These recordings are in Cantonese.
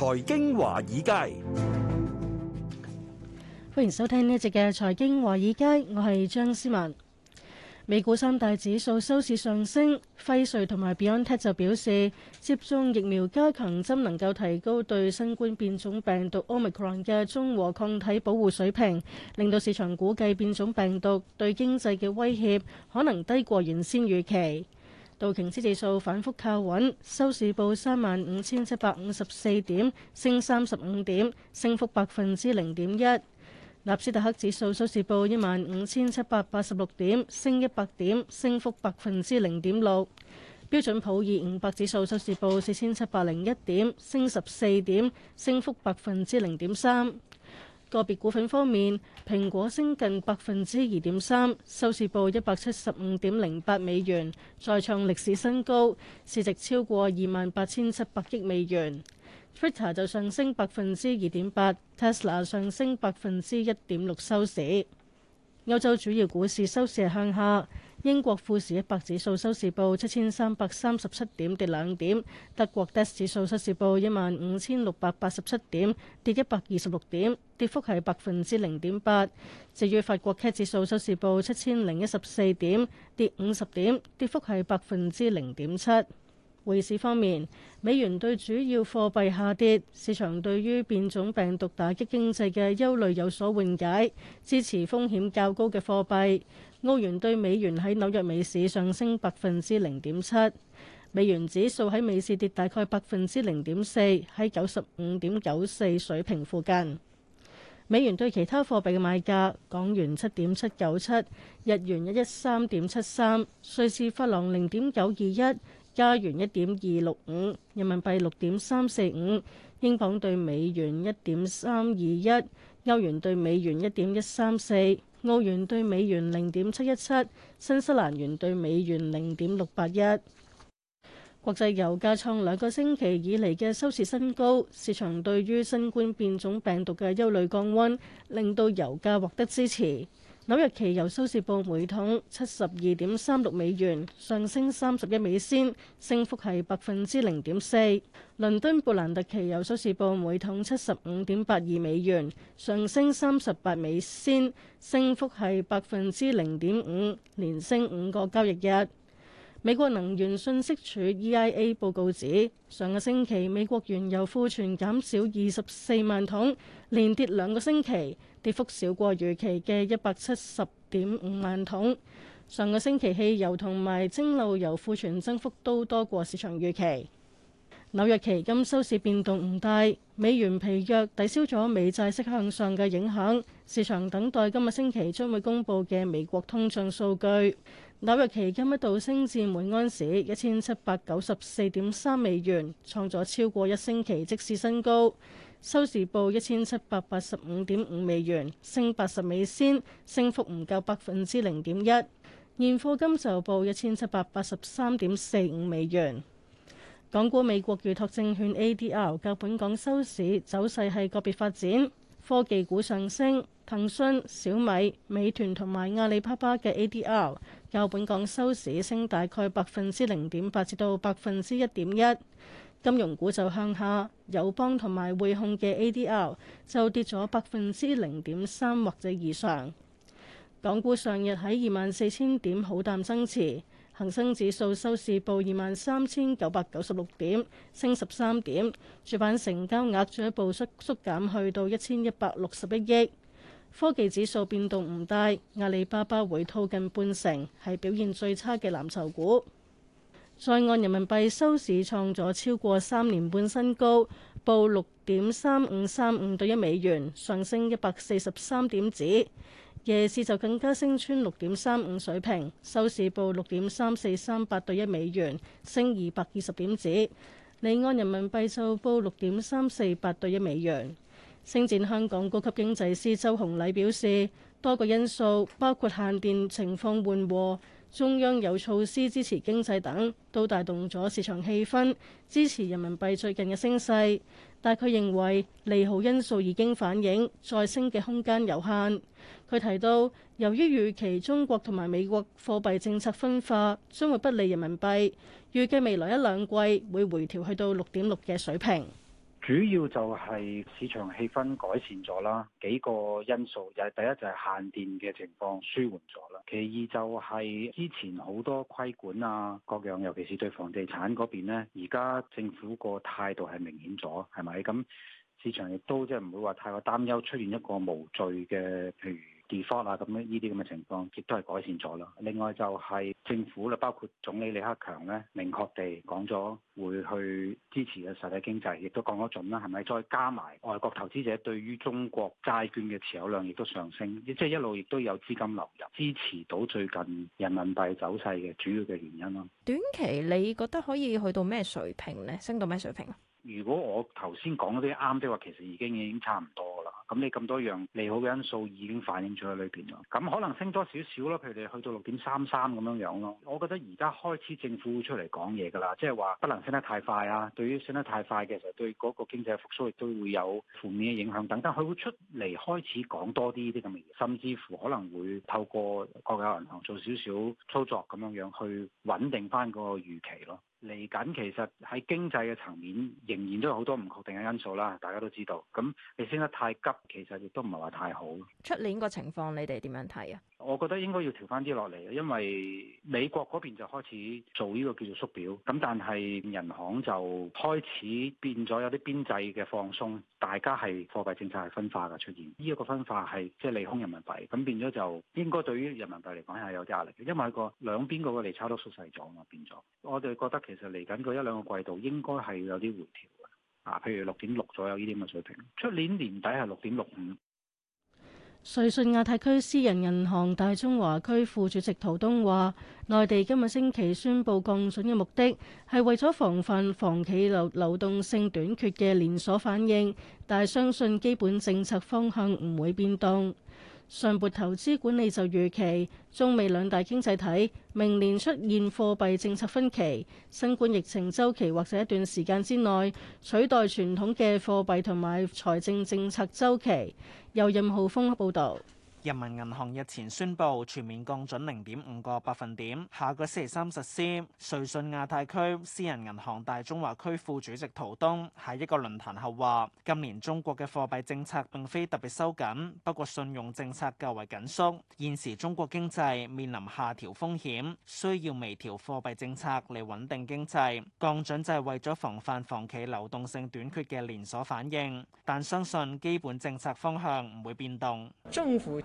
財經華爾街，歡迎收聽呢一節嘅財經華爾街，我係張思文。美股三大指數收市上升，輝瑞同埋 BioNTech 就表示，接種疫苗加強針能夠提高對新冠變種病毒 Omicron 嘅中和抗體保護水平，令到市場估計變種病毒對經濟嘅威脅可能低過原先預期。道瓊斯指數反覆靠穩，收市報三萬五千七百五十四點，升三十五點，升幅百分之零點一。納斯達克指數收市報一萬五千七百八十六點，升一百點，升幅百分之零點六。標準普爾五百指數收市報四千七百零一點，升十四點，升幅百分之零點三。個別股份方面，蘋果升近百分之二點三，收市報一百七十五點零八美元，再創歷史新高，市值超過二萬八千七百億美元。Twitter 就上升百分之二點八，Tesla 上升百分之一點六收市。歐洲主要股市收市向下。英國富時一百指數收市報七千三百三十七點，跌兩點；德國 DAX 指數收市報一萬五千六百八十七點，跌一百二十六點，跌幅係百分之零點八。至於法國 CAC 指數收市報七千零一十四點，跌五十點，跌幅係百分之零點七。匯市方面，美元對主要貨幣下跌，市場對於變種病毒打擊經濟嘅憂慮有所緩解，支持風險較高嘅貨幣。歐元對美元喺紐約美市上升百分之零點七，美元指數喺美市跌大概百分之零點四，喺九十五點九四水平附近。美元對其他貨幣嘅買價，港元七點七九七，日元一一三點七三，瑞士法郎零點九二一。加元一點二六五，5，人民幣六點三四五，英鎊對美元一點三二一，歐元對美元一點一三四，澳元對美元零點七一七，新西蘭元對美元零點六八一。國際油價創兩個星期以嚟嘅收市新高，市場對於新冠變種病毒嘅憂慮降溫，令到油價獲得支持。紐約期油收市報每桶七十二點三六美元，上升三十一美仙，升幅係百分之零點四。倫敦布蘭特期油收市報每桶七十五點八二美元，上升三十八美仙，升幅係百分之零點五，連升五個交易日。美國能源信息處 （EIA） 報告指，上個星期美國原油庫存減少二十四萬桶，連跌兩個星期。跌幅少過預期嘅一百七十點五萬桶。上個星期汽油同埋蒸餾油庫存增幅都多過市場預期。紐約期金收市變動唔大，美元疲弱抵消咗美債息向上嘅影響。市場等待今個星期將會公佈嘅美國通脹數據。紐約期金一度升至每安士一千七百九十四點三美元，創咗超過一星期即市新高。收市報一千七百八十五點五美元，升八十美仙，升幅唔夠百分之零點一。現貨金就報一千七百八十三點四五美元。港股美國預託證券 ADR 較本港收市走勢係個別發展，科技股上升。騰訊、小米、美團同埋阿里巴巴嘅 A D R 較本港收市升，大概百分之零點八至到百分之一點一。金融股就向下，友邦同埋匯控嘅 A D R 就跌咗百分之零點三或者以上。港股上日喺二萬四千點好淡，增持恒生指數收市報二萬三千九百九十六點，升十三點。主板成交額進一步縮縮減去到一千一百六十一億。科技指數變動唔大，阿里巴巴回吐近半成，係表現最差嘅藍籌股。在岸人民幣收市創咗超過三年半新高，報六點三五三五對一美元，上升一百四十三點子。夜市就更加升穿六點三五水平，收市報六點三四三八對一美元，升二百二十點子。離岸人民幣就報六點三四八對一美元。星展香港高級經濟師周洪禮表示，多個因素包括限電情況緩和、中央有措施支持經濟等，都帶動咗市場氣氛，支持人民幣最近嘅升勢。但佢認為利好因素已經反映，再升嘅空間有限。佢提到，由於預期中國同埋美國貨幣政策分化，將會不利人民幣，預計未來一兩季會回調去到六點六嘅水平。主要就係市場氣氛改善咗啦，幾個因素，又係第一就係限電嘅情況舒緩咗啦。其二就係之前好多規管啊各樣，尤其是對房地產嗰邊呢，而家政府個態度係明顯咗，係咪？咁市場亦都即係唔會話太過擔憂出現一個無序嘅譬如 defect 啊咁樣呢啲咁嘅情況，亦都係改善咗啦。另外就係政府啦，包括總理李克強咧，明確地講咗會去支持嘅實體經濟，亦都降咗準啦，係咪？再加埋外國投資者對於中國債券嘅持有量亦都上升，即係一路亦都有資金流入，支持到最近人民幣走勢嘅主要嘅原因咯。短期你覺得可以去到咩水平咧？升到咩水平？如果我頭先講嗰啲啱的話，其實已經已經差唔多。咁你咁多樣利好嘅因素已經反映咗喺裏邊啦。咁可能升多少少咯，譬如你去到六點三三咁樣樣咯。我覺得而家開始政府會出嚟講嘢㗎啦，即係話不能升得太快啊。對於升得太快嘅時候，就對嗰個經濟嘅復甦亦都會有負面嘅影響。等等，佢會出嚟開始講多啲啲咁嘅嘢，甚至乎可能會透過國有銀行做少少操作咁樣樣去穩定翻個預期咯。嚟緊其實喺經濟嘅層面仍然都有好多唔確定嘅因素啦，大家都知道。咁你升得太急，其實亦都唔係話太好。出年個情況你哋點樣睇啊？我覺得應該要調返啲落嚟，因為美國嗰邊就開始做呢個叫做縮表，咁但係銀行就開始變咗有啲邊際嘅放鬆。大家係貨幣政策係分化嘅出現，呢、這、一個分化係即係利空人民幣，咁變咗就應該對於人民幣嚟講係有啲壓力嘅，因為個兩邊個利差都縮細咗啊，變咗。我哋覺得其實嚟緊嗰一兩個季度應該係有啲回調啊，譬如六點六左右呢啲咁嘅水平，出年年底係六點六五。瑞信亞太區私人銀行大中華區副主席陶東話，內地今個星期宣布降準嘅目的係為咗防範房企流流動性短缺嘅連鎖反應，但係相信基本政策方向唔會變動。上撥投資管理就預期，中美兩大經濟體明年出現貨幣政策分歧，新冠疫情週期或者一段時間之內取代傳統嘅貨幣同埋財政政策週期。由任浩峰報道。人民銀行日前宣布全面降準零點五個百分點，下個星期三實施。瑞信亞太區私人銀行大中華區副主席陶冬喺一個論壇後話：今年中國嘅貨幣政策並非特別收緊，不過信用政策較為緊縮。現時中國經濟面臨下調風險，需要微調貨幣政策嚟穩定經濟。降準就係為咗防範房企流動性短缺嘅連鎖反應，但相信基本政策方向唔會變動。中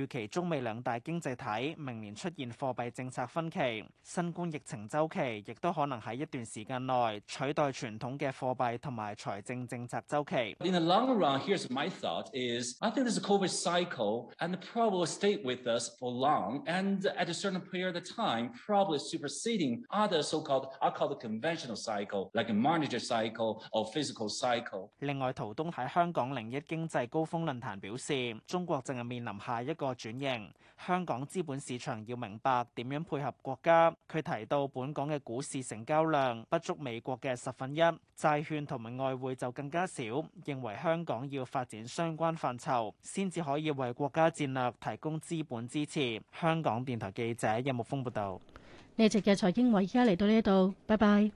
預期中美兩大經濟體明年出現貨幣政策分歧，新冠疫情週期亦都可能喺一段時間內取代傳統嘅貨幣同埋財政政策週期。In a long run, here's my thought is, I think this is COVID cycle, and the problem will stay with us for long, and at a certain period of time, probably superseding other so-called, I call the conventional cycle, like a manager cycle or physical cycle. 另外，陶冬喺香港另一經濟高峰論壇表示，中國正係面臨下一個。轉型，香港資本市場要明白點樣配合國家。佢提到，本港嘅股市成交量不足美國嘅十分一，債券同埋外匯就更加少，認為香港要發展相關範疇，先至可以為國家戰略提供資本支持。香港電台記者任木峰報道。呢集嘅財經匯而家嚟到呢一度，拜拜。